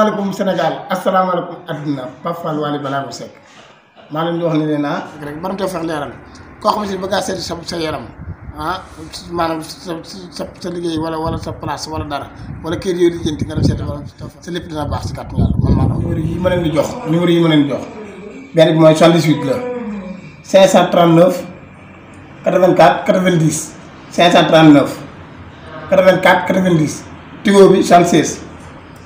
asalaamaaleykum Sénégal asalaamaaleykum adduna Pape Fall Waly Ballago Seck maa leen di wax ne leen ah rek mën nga fex leeral koo xam si bëgg a seeti sa sa yaram ah maanaam sa sa sa liggéey wala wala sa place wala dara wala kër yooyu di nga def seeti wala sa lépp dina baax si kàttu yàlla man maa numéro yi ma leen di jox numéro yi ma leen di jox benn bi mooy 78 la 539 84 90 539 84 90 tigo bi 76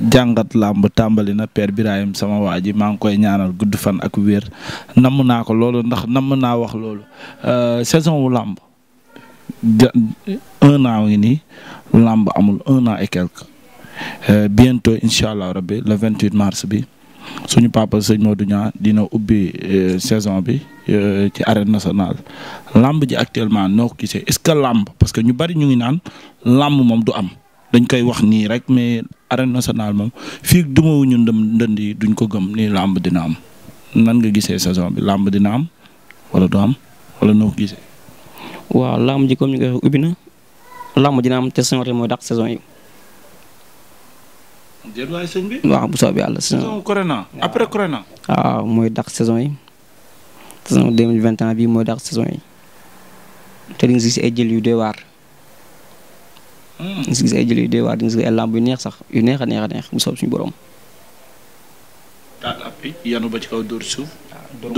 jàngat làmb tàmbali na Père Birahim sama waa ji maa ngi koy ñaanal gudd fan ak wér namm naa ko loolu ndax namm naa wax loolu euh, saison wu làmb un an ngi nii làmb amul un an et quelque euh, bientôt incha allah rabbi le 28 mars bi suñu papa sëñ Modou Niang dina ubbi euh, saison bi ci arène nationale làmb ji actuellement noo ko gisee est làmb parce que ñu bari ñu ngi naan làmb moom du am. dañ koy wax nii rek mais arène nationale moom fii dumawuñu ndëm ndënd duñ ko gëm nii làmb dina am nan nga gisee saison bi làmb dina am wala du am wala noo gisee. waaw làmb ji comme ni nga ko am te mooy dàq saison yi. jërëjëf sëñ bi. saison corona mooy dàq saison yi saison 2021 bii mooy dàq saison yi te li nga gis ay jël yu doy waar. di nga gis ay jël yu dee waar di nga gis ay làmb yu neex sax yu neex a neex a neex bu soob suñu borom. taat bi yanu ba ci ah,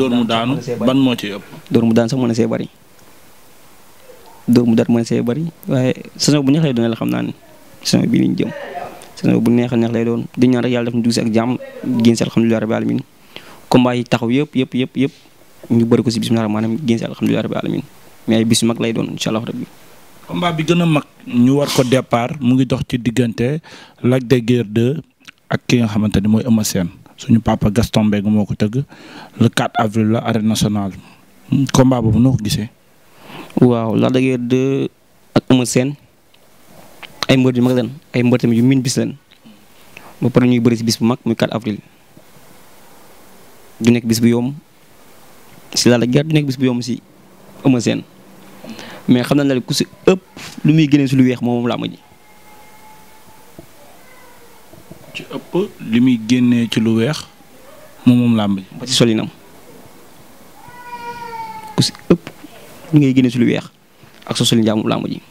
mu daanu ban moo ci ëpp. dóor mu daan sax mën na see bari dóor mu daan mën na see bari waaye saison bu neex lay doon la xam naa ne saison bii lañ jëm saison bu neex a neex lay doon di ñaan rek yàlla def ñu dugg si ak jàmm génn si alhamdulilah rabbi alamin combat taxaw yëpp yëpp yëpp yëpp ñu bëri ko si bisimilah maanaam génn si alhamdulilah rabbi mais ay mag lay doon incha allah rabbi combat bi gën mag ñu war ko départ mu ngi dox ci diggante Lac de ak ki nga xamante ni mooy Eumeu Sène suñu papa Gaston Mbengue moo ko tëgg le 4 avril la arène nationale combat boobu noo ko gisee. waaw Lac de ak Eumeu Sène ay mbër yu mag leen ay mbër tamit yu miin bis leen ba pare ñuy bëri si bis bu mag muy 4 avril du nekk bis bu yomb si Lac de Guiers du nekk bis bu yomb si Eumeu Sène mais xam la ne ku si ëpp lu muy génnee si lu weex moom làmb ci ëpp li muy génnee ci lu weex moom moom làmb ji. ba ci solinam ku si ëpp lu ngay génnee si lu weex ak sa solin jaamu làmb ji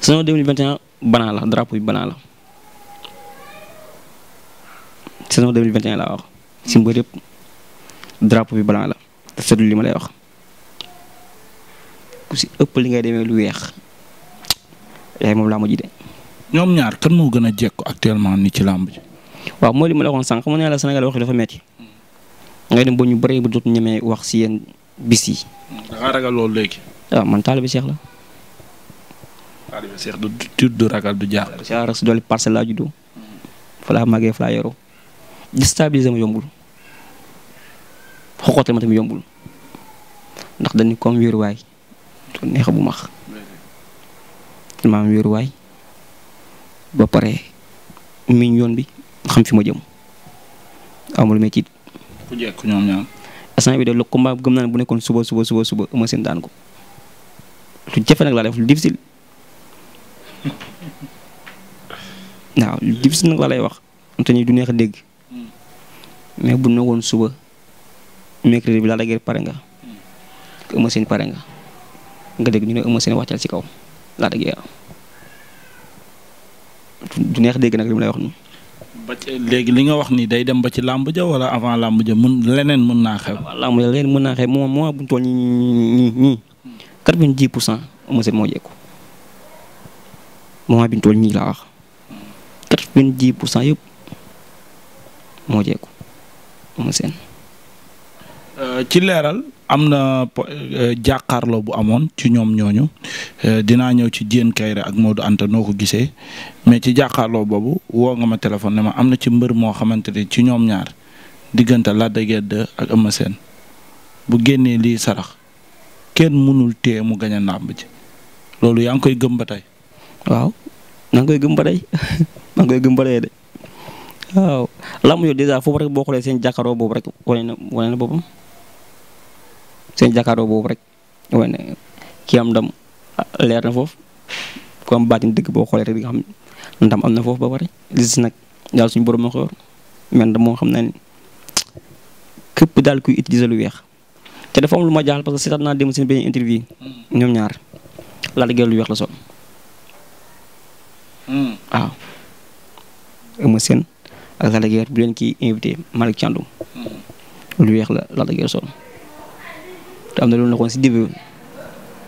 saison 2021 banaa la drapeau bi banaa la saison 2021 laa wax si mbër yëpp drapeau bi banaa la te seetlu li ma lay wax. si ëpp li ngay demee lu weex yaay moom laa mujj de. ñoom ñaar kan moo gën a jekk actuellement ni ci làmb ji. waaw moo li ma la waxoon sànq mu ne la Sénégal wax dafa metti ngay dem ba ñu bari ba dootu ñemee wax si yéen bis yi. da ragal loolu léegi. waaw ah, man taalibe Cheikh la. taalibe du du ragal du jaax. Cheikh rek si dolli parcelle laa juddoo. fa laa màggee fa laa yoroo. ma yombul. xoxootal ma tamit yombul. ndax dañu comme wéeruwaay. neexa bu max dama am ba pare miñ yoon bi xam fi ma jëm amul métti ku jekk ñoom ñaar instant bi de le bu nekkoon suba suba suba suba ma seen daan ko lu jafe nag laa def lu waaw lu nag laa lay wax te ñi du neex a dégg hmm. mais bu nekkoon suba mercredi bi laa la pare nga ma hmm. pare nga nga dégg ñu ne Eumeu Sène wàccal ci kaw laa dëgg yàlla ah. du neex dégg nag li mu lay wax nii. léegi li nga wax nii day dem ba ci làmb ja wala avant làmb ja mun leneen mën naa xew. waaw làmb leneen mën naa xew moom moment bu ñu toll ñi ñii ñii quatre-vingt-dix pour cent Eumeu Sène moo jekku moment bi ñu toll ñii laa wax quatre-vingt-dix pour cent yëpp moo jekku Eumeu Sène Euh, ci leeral am na euh, euh, jàkkaarloo bu amoon ci ñoom ñooñu dinaa ñëw ci Diène Kairé ak Modou Anta noo ko gisee mais ci jàkkaarloo boobu woo nga ma téléphone ne ma am na ci mbër moo xamante ne ci ñoom ñaar diggante Lac de ak Eumeu Sène bu génnee lii sarax kenn mënul téye mu gañ a nàmb ji loolu yaa ngi koy gëm ba tey. waaw maa ngi koy gëm ba tey maa ngi koy gëm ba tey de waaw lamb yooyu dèjà foofu rek boo xoolee seen jàkkaroo boobu rek wane na seen jàkkaarloo boobu rek mooy ne ki am ndam leer na foofu ku am baatin dëgg boo xoolee rek di nga xam ndam am na foofu ba pare li si nag yàlla suñu borom moo ko yor moo xam ne képp daal kuy utiliser lu weex. te dafa am lu ma jaaxal parce que seetaan naa dem seen benn interview ñoom ñaar Lac de lu weex la sol. Hmm. waaw. Eumeu Sène ak Lac de bu leen kii invité Malick Thiandoum. Hmm. lu weex la Lac de sol. te am na loolu nekkoon si début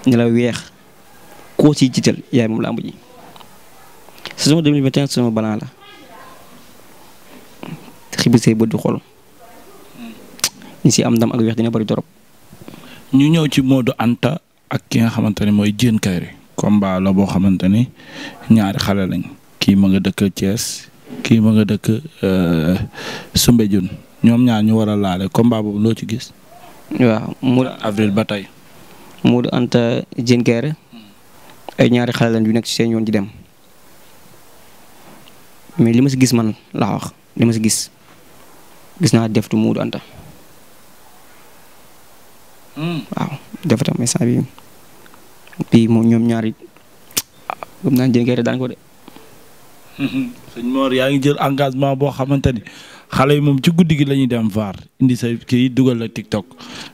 ne la weex koo ci jiital yaay moom làmb ji saison 2021 saison la xibisee bët du xol ñu si am ndam ak weex dina bari torop ñu ñëw ci Modou Anta ak ki nga xamante ne mooy Diène Kaïré combat la boo xamante ni ñaari xale lañ kii ma nga dëkk Thiès kii ma nga dëkk euh, Soumbédioune ñoom ñaar ñu war laale combat boobu loo ci gis waaw Modou avril ba tay Modou Anta Diengere. ay ñaari xale lañ yu nekk ci seen yoon di dem. mais li ma si gis man laa wax ma si gis gis naa deftu Modou Anta. Hmm. waaw defta message bi bii moom ñoom ñaari gëm naa Diengere daan ko de. sëñ Mor yaa ngi jël engagement boo xamante xale yi moom ci guddi gi lañuy ñuy dem vaar indi sa kii dugal la TikTok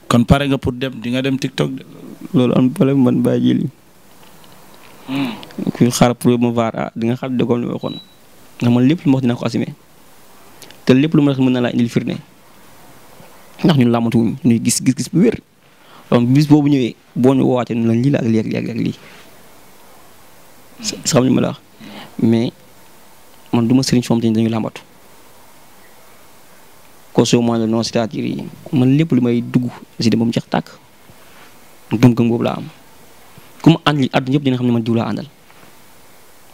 kon pare nga pour dem di nga dem TikTok de. loolu am problème man Baye Djily. Hmm. kuy xaar pour ma vaar ah, di nga xam de comme li ma waxoon ndax man lépp lu ma wax dina ko assumer te lépp lu ma wax mën na laa indil firnde ndax ñun làmmatuwuñ ñuy gis gis gis bu wér donc bis boobu ñëwee boo ñu woowaatee ñu la lii la ak lii ak lii ak lii xam ñu ma la mais man du ma sëriñ soom te dañuy làmbatu. koso mooy la non c'est-à-dire man lépp lu may dugg si dem ba mu jeex tàkk gëm-gëm boobu laa am ku mu ànd li àdduna yëpp dina xam ne man diw laa àndal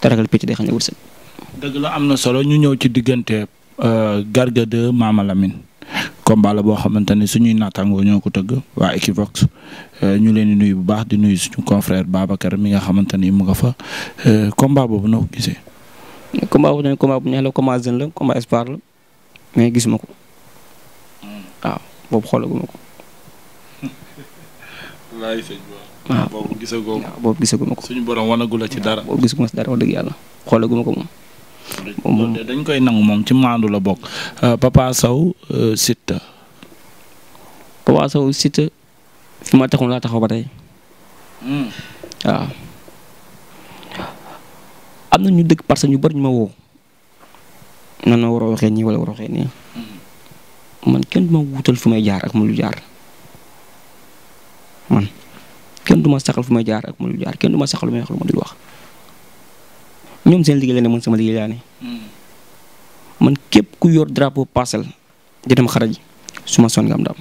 te ragal picc day xam ne wërsëg. dëgg la am na solo ñu ñëw ci diggante euh, Garga 2 Mama Lamine combat la boo xamante ne suñuy naataangoo ñoo ko tëgg waa Equivox euh, ñu leen di nuyu bu baax di nuyu suñu confrère Babacar mi nga xamante ni mu nga fa euh, combat boobu noo ko gisee. combat boobu dañuy combat bu neex la combat jeune la combat espoir la mais gisuma ko. waaw boobu xoolaguma ko. laay sëñ waaw boobu gisagoo ko waaw ko. suñu borom wanagula ci dara. boobu gisaguma si dara wax dëgg yàlla ma ko moom. dañ koy nangu moom ci maandu la bokk. Euh, Papa Sow euh, Siteu. Papa Sow Siteu fi ma taxoon laa taxaw ba tey. Hmm. waaw. am na ñu dëkk parce que ñu bari ñu ma woo. nan waroo waxee nii wala war waxee nii. man kenn du ma wutal fu may jaar ak ma lu jaar man kenn du ma saxal fu may jaar ak ma lu jaar kenn du ma saxal lu may wax lu ma dul wax ñoom seen liggéey la ne man sama liggéey laa ne hmm. man képp ku yor drapeau parcelle di dem xaraji su ma son nga am ndam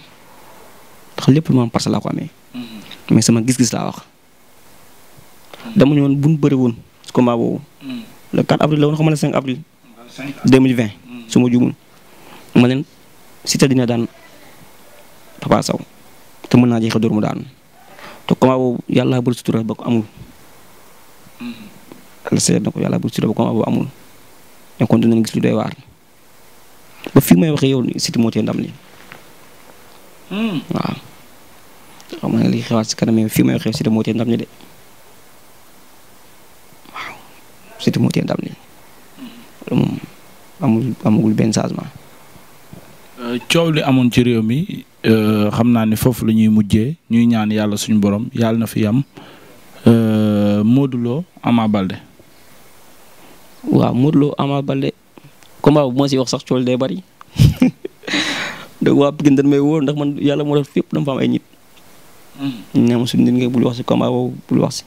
lépp lu ma am parcelle laa ko amee. Hmm. mais sama gis-gis laa wax. Hmm. dama ñëwoon bu ñu bëri woon ci combat boobu. le 4 avril la woon xam nga le avril. 2020 su ma leen. Siteu dina daan Papa Sow te naa jeexal dóor mu daan te combat boobu yàlla ba amul. Mm-hmm. yàlla seet yàlla bul sutura ba combat boobu amul mais kon dinañ gis lu doy waar ba fii may waxee yow Siteu moo tee ndam li mm. waaw. xam fii may waxee Siteu moo tee ndam li de waaw Siteu moo mm. amul amul benn changement. coow li amoon ci réew mi euh, xam naa ni foofu la ñuy mujjee ñuy ñaan yàlla suñu boroom yàlla na fi yam euh, Modou Lo Ama Balde. waaw bu ma si wax sax coow day bari donc waa Pikine dañ ndax man yàlla moo def fépp dama fa am ay nit. ñu hmm. ne ma suñu nit ngay bul wax si combat bul wax si.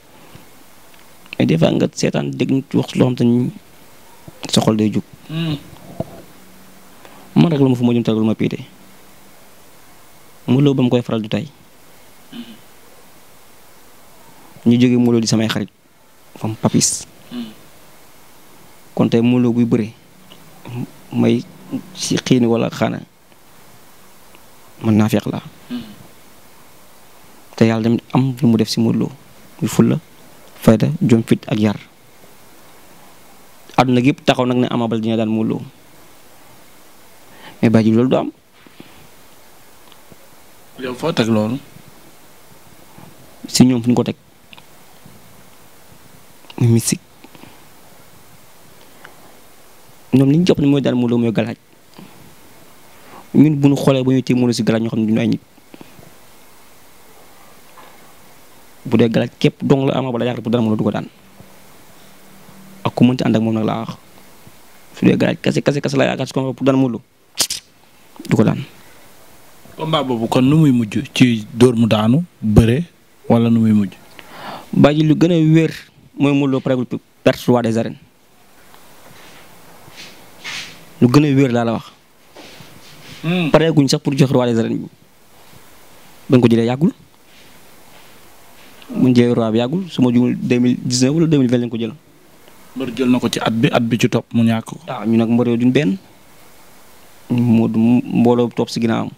mais des nga seetaan dégg nit wax loo xam te ni sa xol day jug. Hmm. man rek lu ma fu ma jëm teg lu ma piite Modou Lo ba mu koy faral du tey ñu jóge Modou Lo di samay xarit fam papis kon tey Modou buy bëre may si xiini wala xaana man naa feex laa te yàlla tamit am fi mu def si mulo Lo muy fulla fayda jom fit ak yar àdduna gépp taxaw nag ne am Baldé dina daan Modou mais bàyyi ji loolu du am. yow si ñoom fu ko teg mystique ñoom li ñu jàpp ne mooy daal molo Lo mooy galaaj ñun bu nu xoolee ba ñuy téye Modou Lo si galaaj ñoo xam ne duñu ay bu dee galaaj képp dong la Ama Baldé yaakaar bu dara Modou Lo du ko daan ak ku ànd ak moom nag laa wax su dee galaaj kase kase kase la yaakaar si ko pour daan Modou du ko daan. combat boobu kon nu muy mujj ci dóor mu daanu bëre wala nu muy mujj. bàyyi lu gën a wér mooy Modou Lo pareegul perte roi des arènes lu gën a wér laa la wax. Hmm. pareeguñ sax pour jox roi des arènes bi ko jëlee yàggul mu jëlee roi bi yàggul su ma jugul deux mille wala deux mille lañ ko jël. mbër jël na ko ci at bi at bi ci topp mu ñàkk ko. waaw ah, ñu nag mbër yooyu duñ benn. mu mbooloo topp si ginnaawam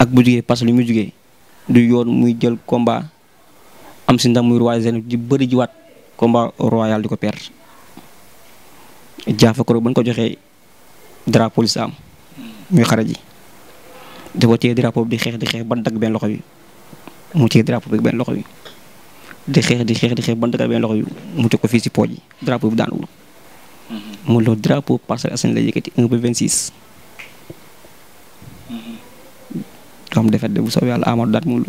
ak bu jugee parce que lu mu jugee du yoon muy jël combat am si ndam muy roi des di bëri jiwaat combat royal di ko perte jaafa ko ba ñu ko joxee drapeau li si am muy xare ji dafa téye bi di xeex di xeex ban dagg benn loxo bi mu téye drapeau bi benn loxo bi di xeex di xeex di xeex ban dagg benn loxo bi mu téye ko fii si pooj yi drapeau bi daanuwul. Modou Lo drapeau Parcelles Assainies la yëkkati 1 ba mm-hmm. de bu soobee yàlla Amadou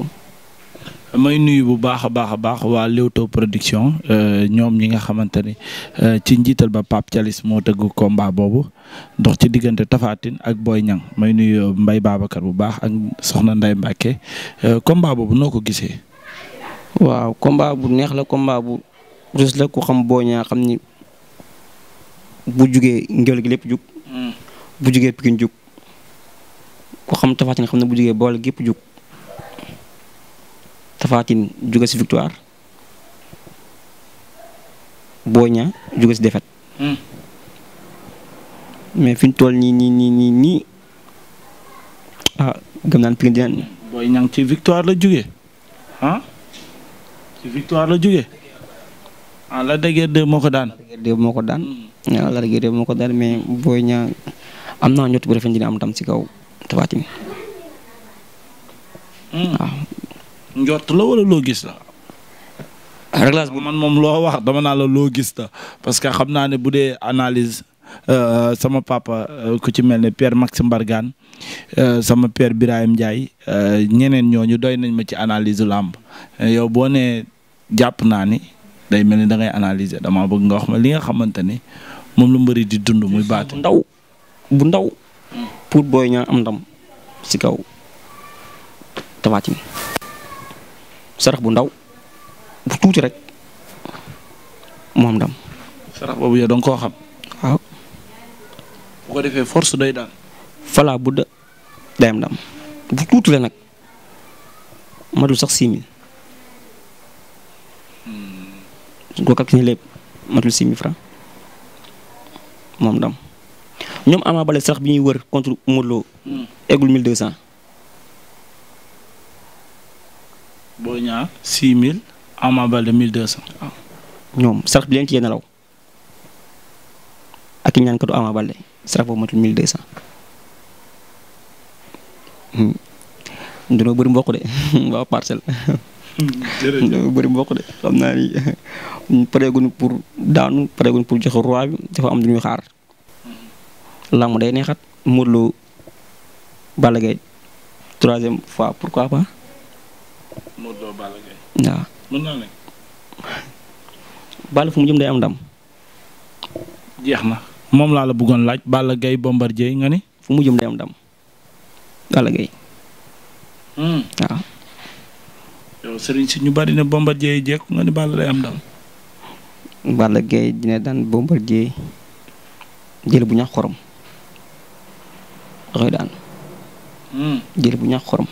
may nuyu bu baax a baax a baax waa Leewtoo production euh, ñoom ñi nga xamante ni euh, ci njiital ba Pape calis moo tëgg combat boobu dox ci diggante tafaatin ak Boy Niang may nuyu mbay Babacar bu baax ak soxna Ndeye Mbacke euh, combat boobu noo ko gisee. waaw combat bu neex la combat bu rus la ku xam Boy bu jógee ngéwél gi lépp jóg hmm. bu jugee Pikine jug ku xam Tapha Tine xam ne bu jógee boole gépp jóg Tapha Tine juge si victoire Boy Niang juge si défaite. Hmm. mais fi ñu toll nii nii nii nii nii ah gëm naan Pikine dinañ. Boy Niang ci victoire la jugee ci victoire la jugee. ah la de Guiers ko daan. de Guiers moo ko daan. waaw hmm. ko daan mais Boy Niang am naa ñott bu rafet dina am tam ci kaw Tapha hmm. ah. la wala loo gis la. man moom loo wax dama naa la loo gis parce que xam naa ne bu dee analyse euh, sama papa euh, ku ci mel ne Pierre Maxime Bargane euh, sama Pierre Birahim Ndiaye ñeneen ñooñu doy nañ ma ci analyse làmb yow boo nee jàpp naa ni. day mel ni da ngay analyser damaa bëgg nga wax ma li nga xamante ni moom lu mbëri di dund muy baat. bu ndaw bu ndaw. pour booy ñaar am ndam si kaw Tapha Tine. sarax bu ndaw bu tuuti rek moom ndam. sarax boobu yow da nga koo xam. waaw. bu ko defee force day daal. fala bu da ndam bu tuuti la nag madul sax six suñ ko calculé lépp matul 6000 francs moom ndam ñoom Ama Baldé sax bi ñuy wër contre Modou Lo. Hmm. cent 1200. Boy Niang 6000 Ama Baldé 1200. waaw ah. ñoom sarax bi leen ci yéen a raw ak ñaan katu Ama Baldé sarax boobu matul 1200. dunoo hmm. bëri mbokk de waa parcelle. bëri mbokk de pour daanu pareeguñu pour joxe roi day neexat Modou Lô Balla fois pourquoi pas. Modou Lô Balla fu mu day am dam jeex na moom laa la bëggoon laaj bala Gaye Bombardier nga ni. fu mu jëm day am dam Balla Gaye. Hmm. waaw. yow sëriñ si ñu bari ne Bombardier jekku nga ne Balla day am ndam. Balla Gaye dina daan Bombardier jël bu ñax xorom da koy daan. Hmm. jël bu ñax xorom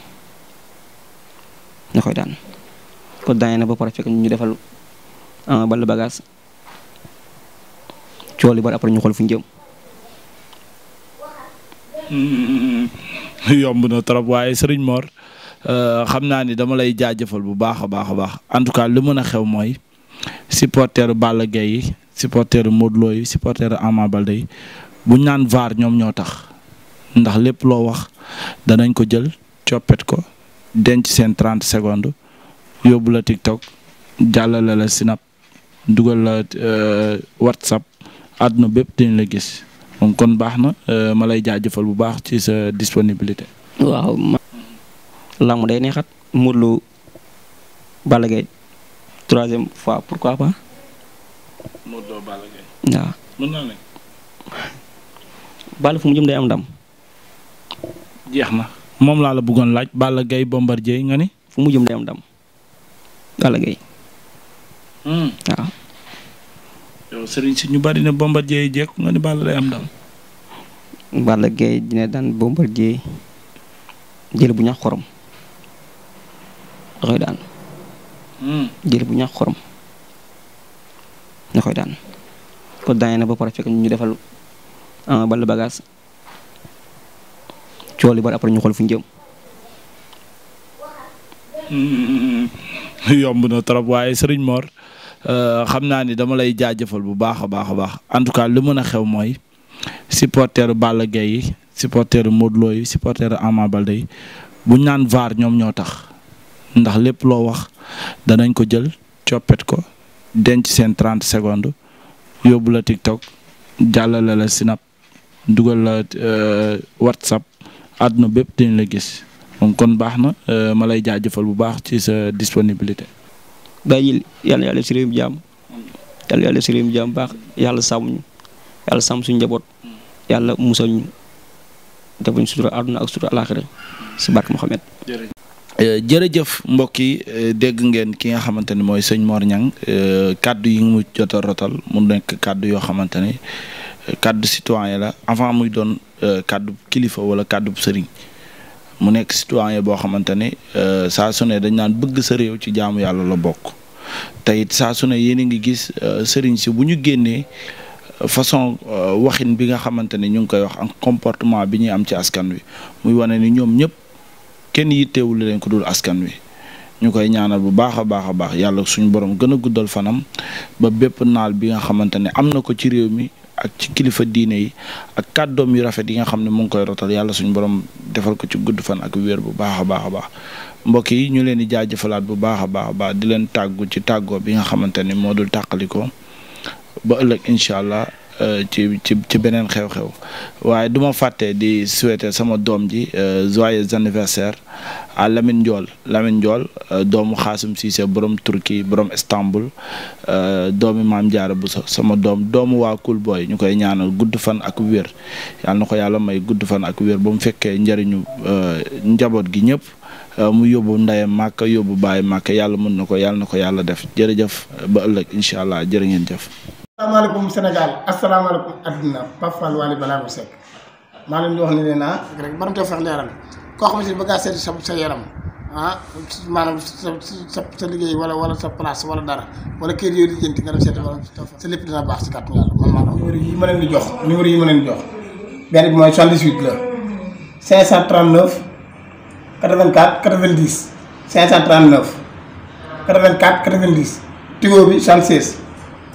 da koy daan. ko na ba pare fekk ñu defal Balla bagage coow li bari après ñu xool fu ñu jëm. Hmm. yomb na trop waaye sëriñ Mor. Euh, xam naa ni dama lay jaajëfal bu baax a baax a baax en tout cas li mën a xew mooy supporteru Balla Gaye yi supporteru Modou Lo yi supporteru Ama Baldé yi buñ naan vaar ñoom ñoo tax ndax lépp loo wax danañ ko jël coppet ko denc seen 30 secondes yóbbu la TikTok jàllale la sinap dugal la euh, WhatsApp àdduna bépp dañ la gis kon baax na euh, ma lay jaajëfal bu baax ci sa disponibilité. lamb day neexat Modou Lo Balla Gaye troisième fois pourquoi pas. waaw mën fu mu day am ndam. jeex na moom laa la bëggoon laaj Balla Gaye Bombardier nga ni. fu mu jëm day am ndam Balla Gaye. Hmm. waaw. bari ne Bombardier am ndam. Balla Gaye dina daan Bombardier jël bu ñax xorom. da koy daan. Hmm. jël bu ñàkk xorom da koy daan. ko daane na ba pare fekk ñu defal ah, ball bagage coow li bari après ñu fu ñu jëm. Hmm. yomb na trop waaye Serigne Mor euh, xam naa ni dama lay jaajëfal bu baax a baax a baax en tout cas lu mën a xew mooy supporteru Balla Gaye yi supporteru Modou Lo yi bu ñu naan ñoom ñoo tax. ndax lépp loo wax danañ ko jël coppet ko denc seen 30 secondes yóbbu la TikTok jàllale la Snap dugal la euh, WhatsApp àdduna bépp dañ la gis kon baax na euh, ma lay jaajëfal bu baax ci sa disponibilité. bàyyil yàlla yàlla si réew mi jàmm yàlla yàlla def si réew baax yàlla sàmm ñu yàlla sàmm njaboot yàlla musal ñu defuñ sutura àdduna ak sutura alaaxira si barke Muhammad jërëjëf mbokk yi euh, dégg ngeen ki nga xamante ni mooy sëñ Mor Niang euh, kàddu yi mu jot a rotal mu nekk kàddu yoo xamante ni euh, kàddu citoyen la avant muy doon kàddu kilifa wala kàddu sëriñ mu nekk citoyen boo xamante ni saa su dañ naan bëgg sa réew ci jaamu yàlla la bokk te it saa su ne yéen a ngi gis sëriñ si bu ñu génnee façon waxin bi nga xamante ni ñu ngi koy wax ak comportement bi ñuy am ci askan wi muy wane ni ñoom ñëpp. kenn yittewul leen ku dul askan wi ñu koy ñaanal bu baax a baax a baax yàlla suñu borom gën a guddal fanam ba bépp naal bi nga xamante ne am na ko ci réew mi ak ci kilifa diine yi ak doom yu rafet yi nga xam ne mu ngi koy rotal yàlla suñu borom defal ko ci gudd fan ak wér bu baax a baax a baax mbokk yi ñu leen di jaajëfalaat bu baax a baax a baax di leen tàggu ci tàggoo bi nga xamante ne moo dul tàqali ko ba ëllëg incha allah. Euh, ci ci ci beneen xew-xew waaye du ma fàtte di souhaiter sama doom ji euh, joyeux anniversaire lamin Lamine Ndiol Lamine Ndiol euh, doomu xaasum Cissé borom Turquie borom Istanbul doomi maam Jaara Buso sama doom doomu waa Cool Boy ñu koy ñaanal gudd fan ak wér yàlla na ko yàlla may gudd fan ak wér ba mu fekkee njëriñu njaboot gi ñëpp mu yóbbu ndeyam màkk yóbbu bàyyi màkk yàlla mën na ko yàlla na ko yàlla def jërëjëf ba ëllëg incha allah jërë ngeen jëf asalaamaaleykum Sénégal asalaamaaleykum adduna Pape Fall Waly Ballago Seck maa leen di wax ne leen ah rek mën fex leeral koo xam si bëgg a seeti sa sa yaram ah maanaam sa sa sa liggéey wala wala sa place wala dara wala kër yooyu di nga def seeti wala sa lépp dina baax si kàttu yàlla man maa numéro yi ma leen di jox numéro yi ma leen di jox benn bi mooy 78 la 539 84 90 539 84 90 tigo bi 76